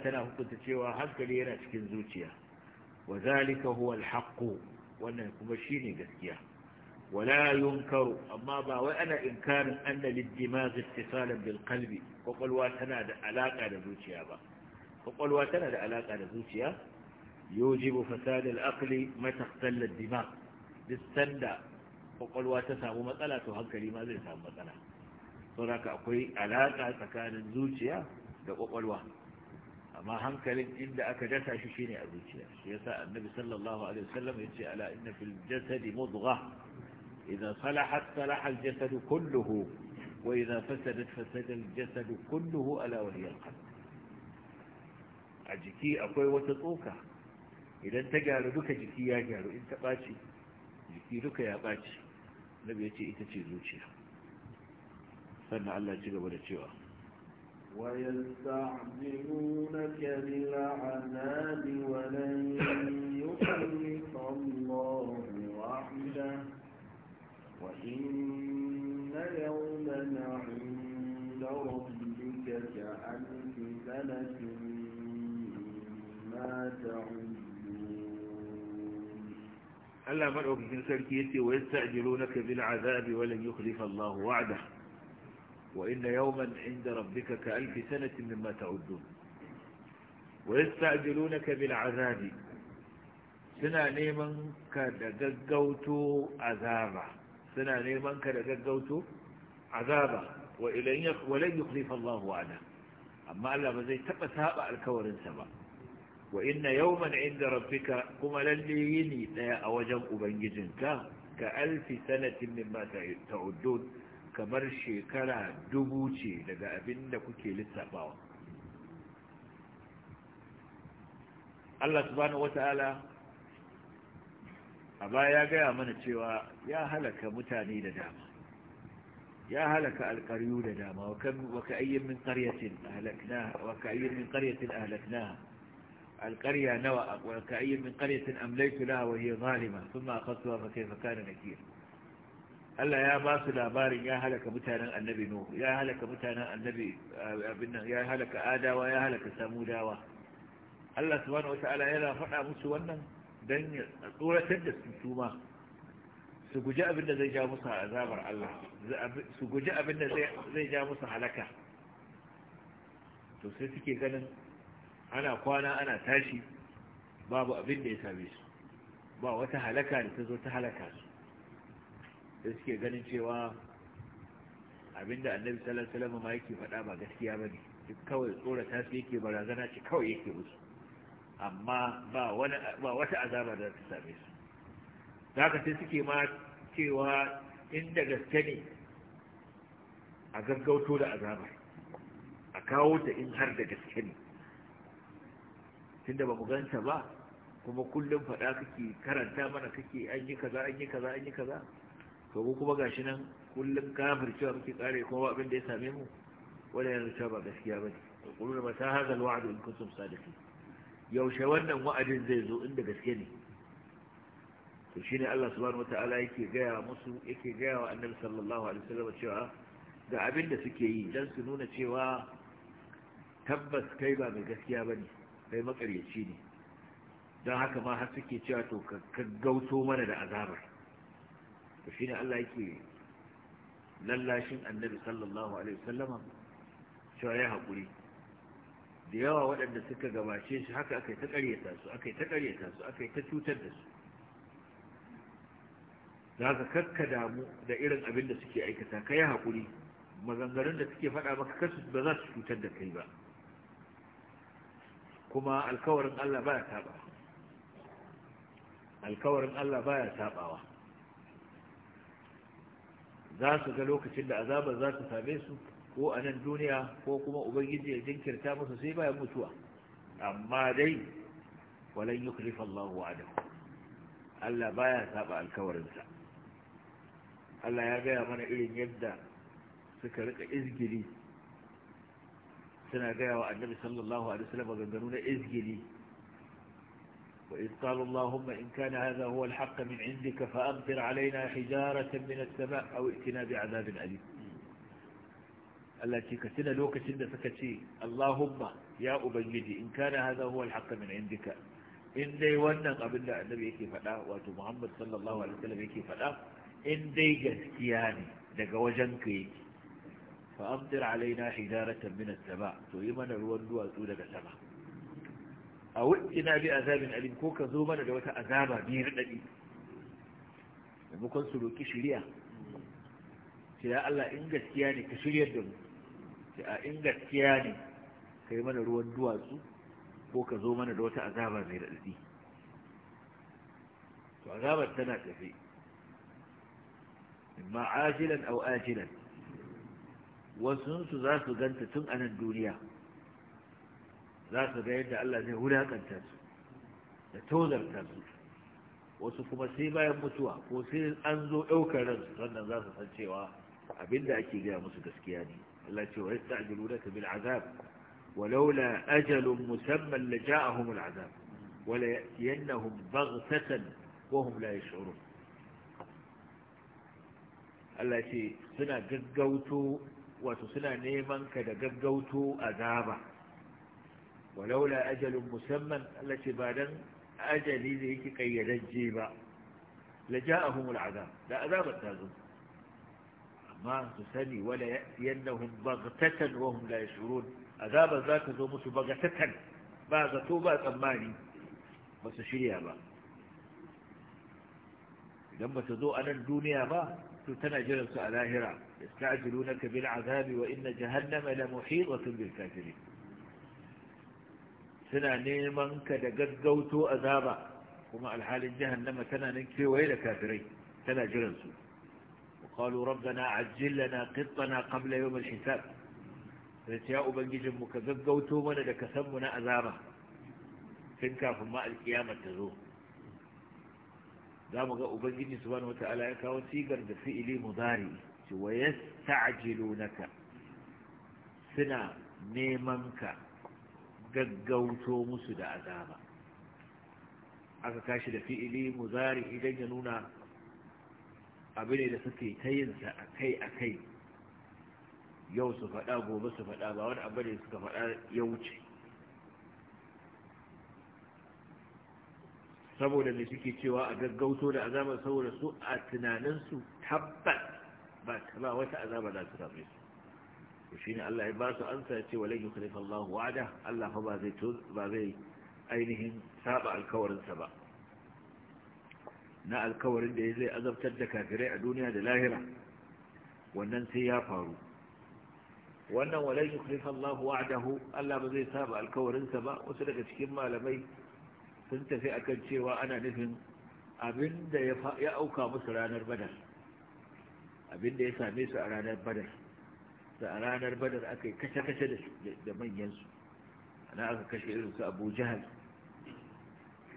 tana hukunta cewa hankali yana cikin zuciya wazalika huwal huwa al wannan kuma shine gaskiya wala yunkar amma ba wai ana inkarin anna lid-dimagh ittisalan bil-qalbi tana da alaka da zuciya ba kokolwa tana da alaka da zuciya yujibu fasadar al-aql sallar taqtalla duk sanda kwakwalwa ta samu matsala to hankali ma zai samu matsala don haka akwai alaƙa tsakanin zuciya da kwakwalwa amma hankalin inda aka dasa shi shine a zuciya shi yasa annabi sallallahu alaihi wasallam ce ala inna fil jasadi mudghah idza salahat salaha al jasadu kulluhu wa idza fasadat fasada al jasadu kulluhu ala wa hiya al qalb a jiki akwai wata tsoka idan ta gyaru duka jiki ya gyaru in ta ɓaci jiki duka ya ɓaci nabi ya ce ita ce zuciya sannan Allah ci gaba da cewa ويستعجلونك بالعذاب ولن يخلف الله وعده وإن يوما عند ربك كألف سنة مما تعد ألا مرعك من سلكيتي ويستعجلونك بالعذاب ولن يخلف الله وعده وإن يوما عند ربك كألف سنة مما تعدون ويستعجلونك بالعذاب سنة نيمن كدقوت عذابا سنة نيمن كدقوت عذابا ولن يخلف الله وعده أما ألا ما زي تبسها الكورن سبا wa inna yawman inda rabbika kuma lalle yini daya a wajen ubangijinka ka alfi sanatin mimma ta'uddun kamar shekara dubu ce daga abin da kuke lissafawa Allah subhanahu wata'ala a baya ya gaya mana cewa ya halaka mutane da dama ya halaka alƙaryu da dama wa ka ayyin min ƙaryatin ahlaknaha القرية نوى وكأي من قرية أمليت لها وهي ظالمة ثم أخذتها فكيف كان نكير Allah ya ba su labarin ya halaka mutanen annabi Nuhu ya halaka mutanen ya halaka Adawa ya halaka Samudawa Allah subhanahu wata'ala yana faɗa musu wannan dan ya tsoratar da su tuma su guji abin da zai ja musu azabar Allah su guji abin da zai ja musu halaka to sai suke ganin ana kwana ana tashi babu abin da ya same su ba wata halaka da ta zo ta halaka su da suke ganin cewa abinda annabi sallallahu ma yake faɗa ba gaskiya ba ne, duk kawai tsorata su yake barazana ci kawai yake musu amma ba wata azaba da ta same su zaka sai suke ma cewa inda gaske ne a gaggauto da azabar a kawo ta in har da gaske ne tunda ba mu ganta ba kuma kullum faɗa kake karanta mana kake an yi kaza an yi kaza an yi kaza to ku kuma gashi nan kullum kafir cewa muke kare kuma abin da ya same mu wala yanzu ta ba gaskiya bane kullum ba ta hadal wa'd in kuntum sadiqin yaushe wannan wa'adin zai zo inda gaske ne to shine Allah subhanahu wata'ala yake ya musu yake gaya wa annabi sallallahu alaihi wasallam cewa ga abin da suke yi dan su nuna cewa tabbas kai ba mai gaskiya bane kai makaryaci ne don haka ma har suke cewa to ka gauto mana da azabar to ne Allah yake lallashin annabi sallallahu alaihi wasallama cewa ya haƙuri da yawa waɗanda suka gabace shi haka aka yi ta ƙaryata su aka yi ta ƙaryata su aka yi ta cutar da su za ka kakka damu da irin abin da suke aikata ka yi haƙuri maganganun da suke faɗa maka kasu ba za su cutar da kai ba kuma alkawarin Allah baya tabawa alkawarin Allah baya tabawa za su ga lokacin da azabar za su same su ko a nan duniya ko kuma ubangiji ya jinkirta musu sai bayan mutuwa amma dai walan yukhlifa Allahu wa'adahu Allah baya saba alkawarinsa Allah ya gaya mana irin yadda suka rika izgiri suna gaya wa annabi sallallahu alaihi wasallam maganganu na izgili wa iz qala allahumma in kana hadha huwa alhaq min indika fa amtir alaina hijaratan min as-sama' aw itina bi'adabin alim Allah ce ka tuna lokacin da suka ce Allahumma ya ubangiji in kana hadha huwa alhaq min indika in dai wannan abin da annabi yake faɗa wato Muhammad sallallahu alaihi wasallam yake faɗa in dai gaskiya ne daga wajenka yake fa amtir alaina hijaratan min as-sama to yi mana ruwan duwatsu daga sama a wuce na bi azabin alim ko ka zo mana da wata azaba bi radadi maimakon su roƙi shiriya sai ya Allah in gaskiya ne ka shiryar da mu sai a in gaskiya ne yi mana ruwan duwatsu ko ka zo mana da wata azaba mai radadi to azabar tana tafi imma ajilan au ajilan wasunsu za su ganta tun a nan duniya za su ga yadda Allah zai wulakanta su da tozarta su wasu kuma sai bayan mutuwa ko sai an zo ɗaukar ransu sannan za su san cewa abinda ake gaya musu gaskiya ne Allah ce wa yasta'jilunaka bil azab ولولا أجل مسمى لجاءهم العذاب وليأتينهم بغتة وهم لا يشعرون Allah ce suna gaggauto wato suna neman ka da gaggauto azaba walaula ajalin musamman Allah ce ba dan ajali da yake kayyadajje ba la ja'ahumul azab da azabar ta zo amma su sani wala yannahum baghtatan wa hum la yashurun azaba za ta zo musu baghtatan ba za to ba tsammani ba su shirya ba idan ba su zo a nan duniya ba to tana jiran su a lahira yasta'jilunaka bil azabi wa inna jahannama la muhitatun bil kafirin suna neman ka da gaggauto azaba kuma alhalin jahannama tana nan kewaye da kafirai tana jiran su qalu rabbana ajjil lana qittana qabla yawm al-hisab sai ubangijin mu ka gaggauto mana da kasan mu na azaba tun kafin ma alkiyama ta zo za mu ga ubangiji subhanahu wata'ala ya kawo sigar da fi'ili mudari ce wa naka suna neman ka gaggauto musu da azaba aka kashi da fi'ili muzari idan ya nuna abu da suke ta yinsa akai akai yau su faɗa gobe su faɗa ba wani abu ne suka faɗa ya wuce saboda me suke cewa a gaggauto da azabar saboda su a tunaninsu tabbat ba ba wata azaba za su same su to shine Allah ya ba su ansa ya ce walan yukhlifa Allah wa'ada Allah fa ba zai ba zai ainihin saba alkawarinsa ba na alkawarin da zai azabtar da kafirai a duniya da lahira wannan sai ya faru wannan walan yukhlifa Allah wa'adahu Allah ba zai saba sa ba wasu daga cikin malamai sun tafi a kan cewa ana nufin abin da ya auka musu ranar badar abin da ya same su a ranar badar da a ranar badar aka yi kashe-kashe da manyansu ana aka kashe irinsu abu jihar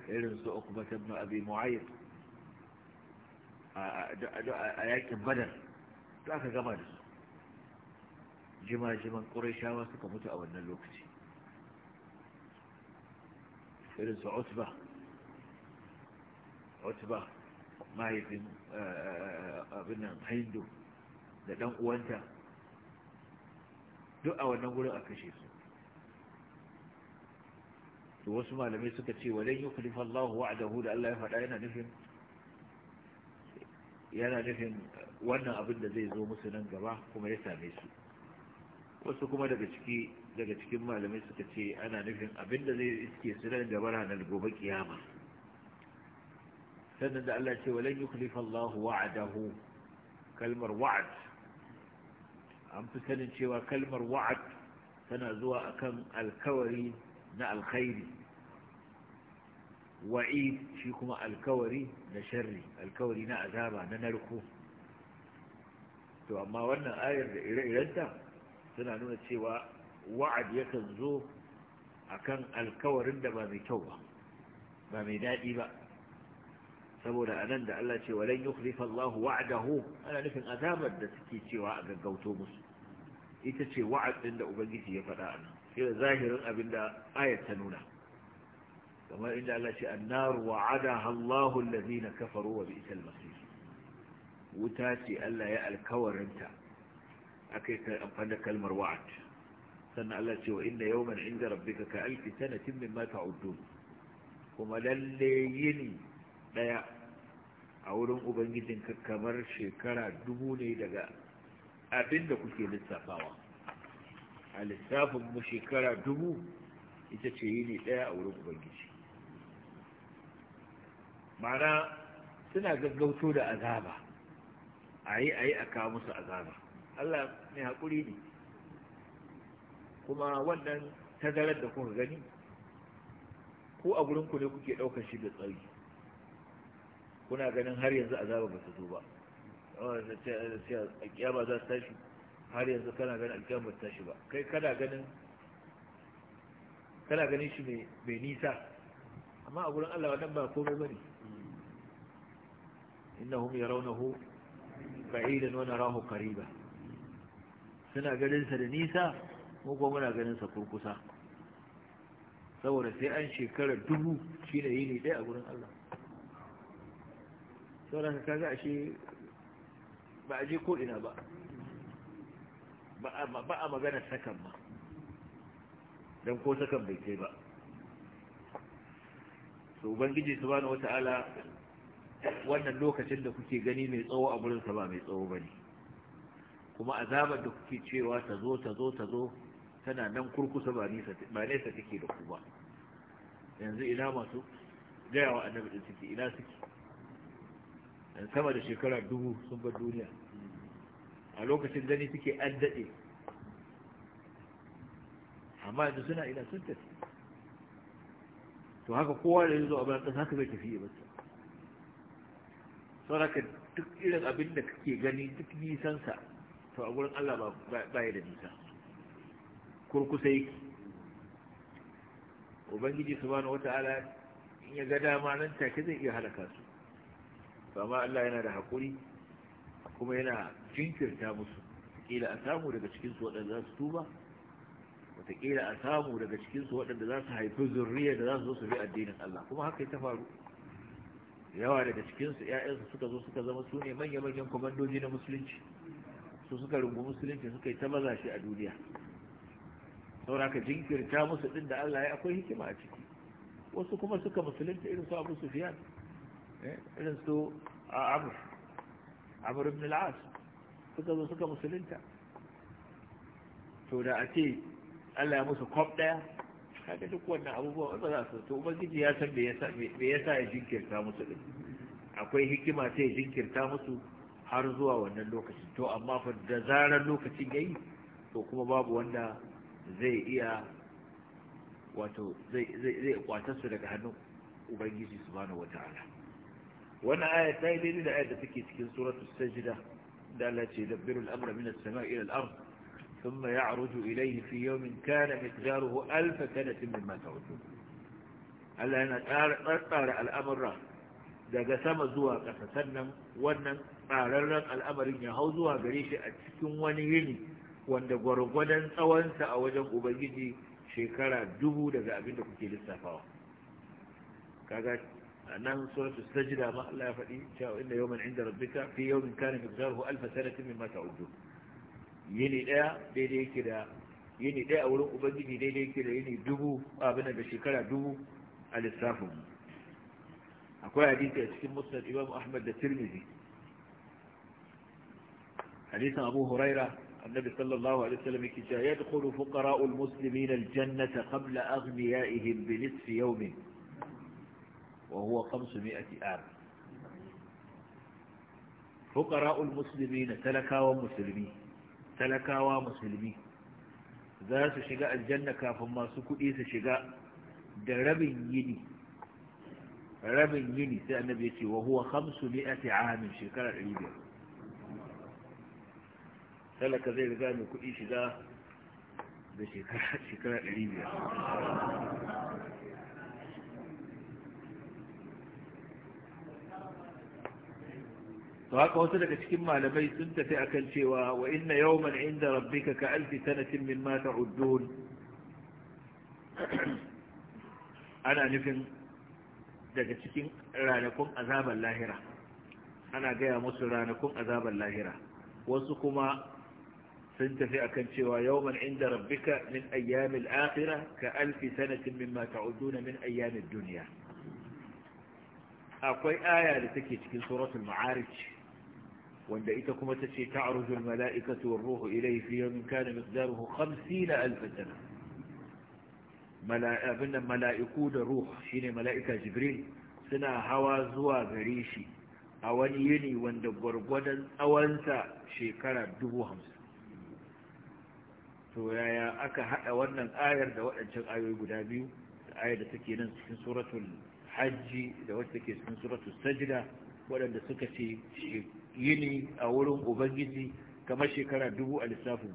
irinsu okubatan ma'abi mu'ayyar a yakin badar to aka gama da su jima-jiman ƙurashawa suka mutu a wannan lokaci irin su mahaifin eh, eh, eh, abin nan hindu da dan uwanta duk a wannan gurin a kashe su to wasu malamai suka ce walan yukhlifa Allah wa'dahu da Allah ya faɗa yana nufin yana nufin wannan abin da zai zo musu nan gaba kuma ya same su wasu kuma daga ciki daga cikin malamai suka ce ana nufin abinda zai iske su da gaba ranar gobe kiyama sannan da Allah ce walan yukhlifa Allah wa'adahu kalmar wa'ad an fi sanin cewa kalmar wa'ad tana zuwa akan alkawari na alkhairi wa'id shi kuma alkawari na sharri alkawari na azaba na narko to amma wannan ayar da ire-irenta suna nuna cewa wa'ad yakan zo akan alkawarin da ba mai kyau ba ba mai daɗi ba saboda anan da Allah ce walan yukhlifa Allah wa'dahu ana nufin azabar da suke cewa a gaggauto musu ita ce wa'ad din da ubangiji ya faɗa anan da zahirin abin da ayat ta nuna kamar inda Allah ce annaru wa'adaha Allah allazina kafaru wa bi'sal masir wuta ce Allah ya alkawarinta akai kai amfani da kalmar wa'ad sannan Allah ce wa inna yawman inda rabbika ka alfi sanatin mimma ta'udun kuma lalle yini daya a wurin ubangijin ka kamar shekara dubu ne daga abinda kuke lissafawa a lissafin mu shekara dubu ita ce yini daya a wurin ubangiji ma'ana suna gaggauto da azaba a yi a yi a kawo musu azaba Allah mai hakuri ne kuma wannan tazarar da kuka gani ko a gurinku ku ne kuke ɗaukar shi da tsari kuna ganin har yanzu azaba ba su zo ba alkiyama za su tashi har yanzu kana ganin alkiyama ba su tashi ba kai kana ganin kana ganin shi mai nisa amma a gurin Allah wannan ba komai bane hum yarawnahu ba'idan wa narahu qariba suna ganin sa da nisa mu ko muna ganin sa kurkusa saboda sai an shekara dubu shi da yini ɗaya a gurin Allah saboda ka ga ashe ba a je ko ina ba ba a magana sakan ba don ko sakan bai kai ba so ubangiji subhanahu wata'ala wannan lokacin da kuke gani mai tsawo a sa ba mai tsawo ba ne kuma azabar da kuke cewa ta zo ta zo ta zo tana nan kurkusa ba nesa take da ku ba yanzu ina masu gayawa annabi din suke ina suke Yan sama da shekara dubu sun bar duniya a lokacin gani suke an daɗe amma yanzu suna ina sun tafi to haka kowa da yanzu a bayan ƙasa haka zai tafi ba sauraka duk irin abin da kake gani duk nisansa to a gurin Allah ba ya da nisa kurkusa yake ubangiji subhanahu wata'ala in ya ga dama nan take zai iya halaka su amma Allah yana da haƙuri kuma yana jinkirta musu kila a samu daga cikinsu waɗanda za su tuba wataƙila a samu daga cikinsu waɗanda za su haifi zurriya da za su zo su bi addinin Allah kuma haka ta faru yawa daga cikinsu ‘ya'yansu suka zo suka zama su ne manya-manyan kwamandoji na musulunci su suka rungu musulunci suka yi ta maza shi a duniya saboda ka jinkirta musu din da Allah ya akwai hikima a ciki wasu kuma suka musulunta irin su Abu Sufyan eh, irin su abu abu ibn al-As suka zo suka musulunta to da a ce Allah ya musu kwab daya kaga duk wannan abubuwa wanda za su to ubangiji ya san me yasa ya jinkirta musu din akwai hikima sai ya jinkirta musu har zuwa wannan lokacin to amma fa da zarar lokacin yayi to kuma babu wanda zai iya wato zai kwatarsu daga hannun ubangiji subhanahu wata'ala wannan aya ta yi daidai da aya da take cikin suratu sajida da Allah ce dabbiru al-amra min as-sama'i ila al-ard thumma ya'ruju ilayhi fi yawmin kana miqdaruhu alf sanatin mimma ta'udun Allah yana tsara al'amuran daga sama zuwa ƙasa sannan wannan tsararren al'amarin ya hau zuwa gare shi a cikin wani yini wanda gwargwadon tsawonsa a wajen ubangiji shekara dubu daga abin da kuke lissafawa kaga a nan suratu sajda ma Allah ya faɗi cewa inda yawman inda rabbika fi yawmin kana miqdaruhu alf sanatin mimma ta'uddu yini daya daidai yake da yini daya a wurin ubangiji daidai yake da yini dubu abin da shekara dubu a lissafin akwai hadisi a cikin musnad imam ahmad da tirmidhi hadisin abu huraira النبي صلى الله عليه وسلم كتا يدخل فقراء المسلمين الجنة قبل أغنيائهم بنصف يوم وهو خمسمائة عام فقراء المسلمين تلكا ومسلمين تلكا ومسلمين ذات شقاء الجنة كافما سكئيس إيه شقاء درب يني رب يني النبي وهو خمسمائة عام شكرا عليكم talaka zai riga mai kuɗi shiga da shekara ɗari biyar to haka wasu daga cikin malamai sun tafi akan cewa wa inna yawman inda rabbika ka alfi sanatin min ma ta'uddun ana nufin daga cikin ranakun azabar lahira ana gaya musu ranakun azabar lahira wasu kuma sun tafi a kan cewa yawman inda rabbika min ayyamil akhira, ka alfi sanatin mimma ta'uduna min ayyamin duniya. akwai aya da take cikin suratul ma'arij wanda ita kuma tace ta'ruju al mala'ikatu war ruhu ilayhi fi yawmin kana miqdaruhu 50 alf sana mala'ikun mala'iku da ruh shine mala'ika jibril suna hawa zuwa gare shi a wani yini wanda gwargwadon tsawonsa shekara dubu hamsin to yaya aka haɗa wannan ayar da waɗancan ayoyi guda biyu da ayar da take nan cikin suratul hajji da wacce take cikin suratul sajda waɗanda suka ce yini a wurin ubangiji kamar shekara dubu a lissafin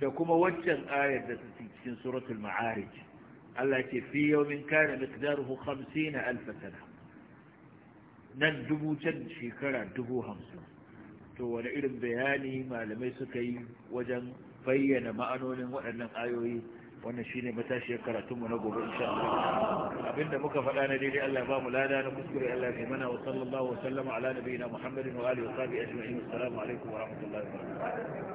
da kuma waccan ayar da take cikin suratul ma'arij Allah ce fi yawmin kana miqdaruhu 50 alf sana nan dubu can shekara dubu hamsin to wani irin bayani malamai suka yi wajen bayyana ma'anonin waɗannan ayoyi wannan shine matashiyar karatunmu na gobe insha Allah abinda muka faɗa na daidai Allah ba mu lada na kuskure Allah ya mana wa sallallahu wa sallama ala nabiyina Muhammadin wa alihi wa sahbihi ajma'in assalamu alaikum wa rahmatullahi wa barakatuh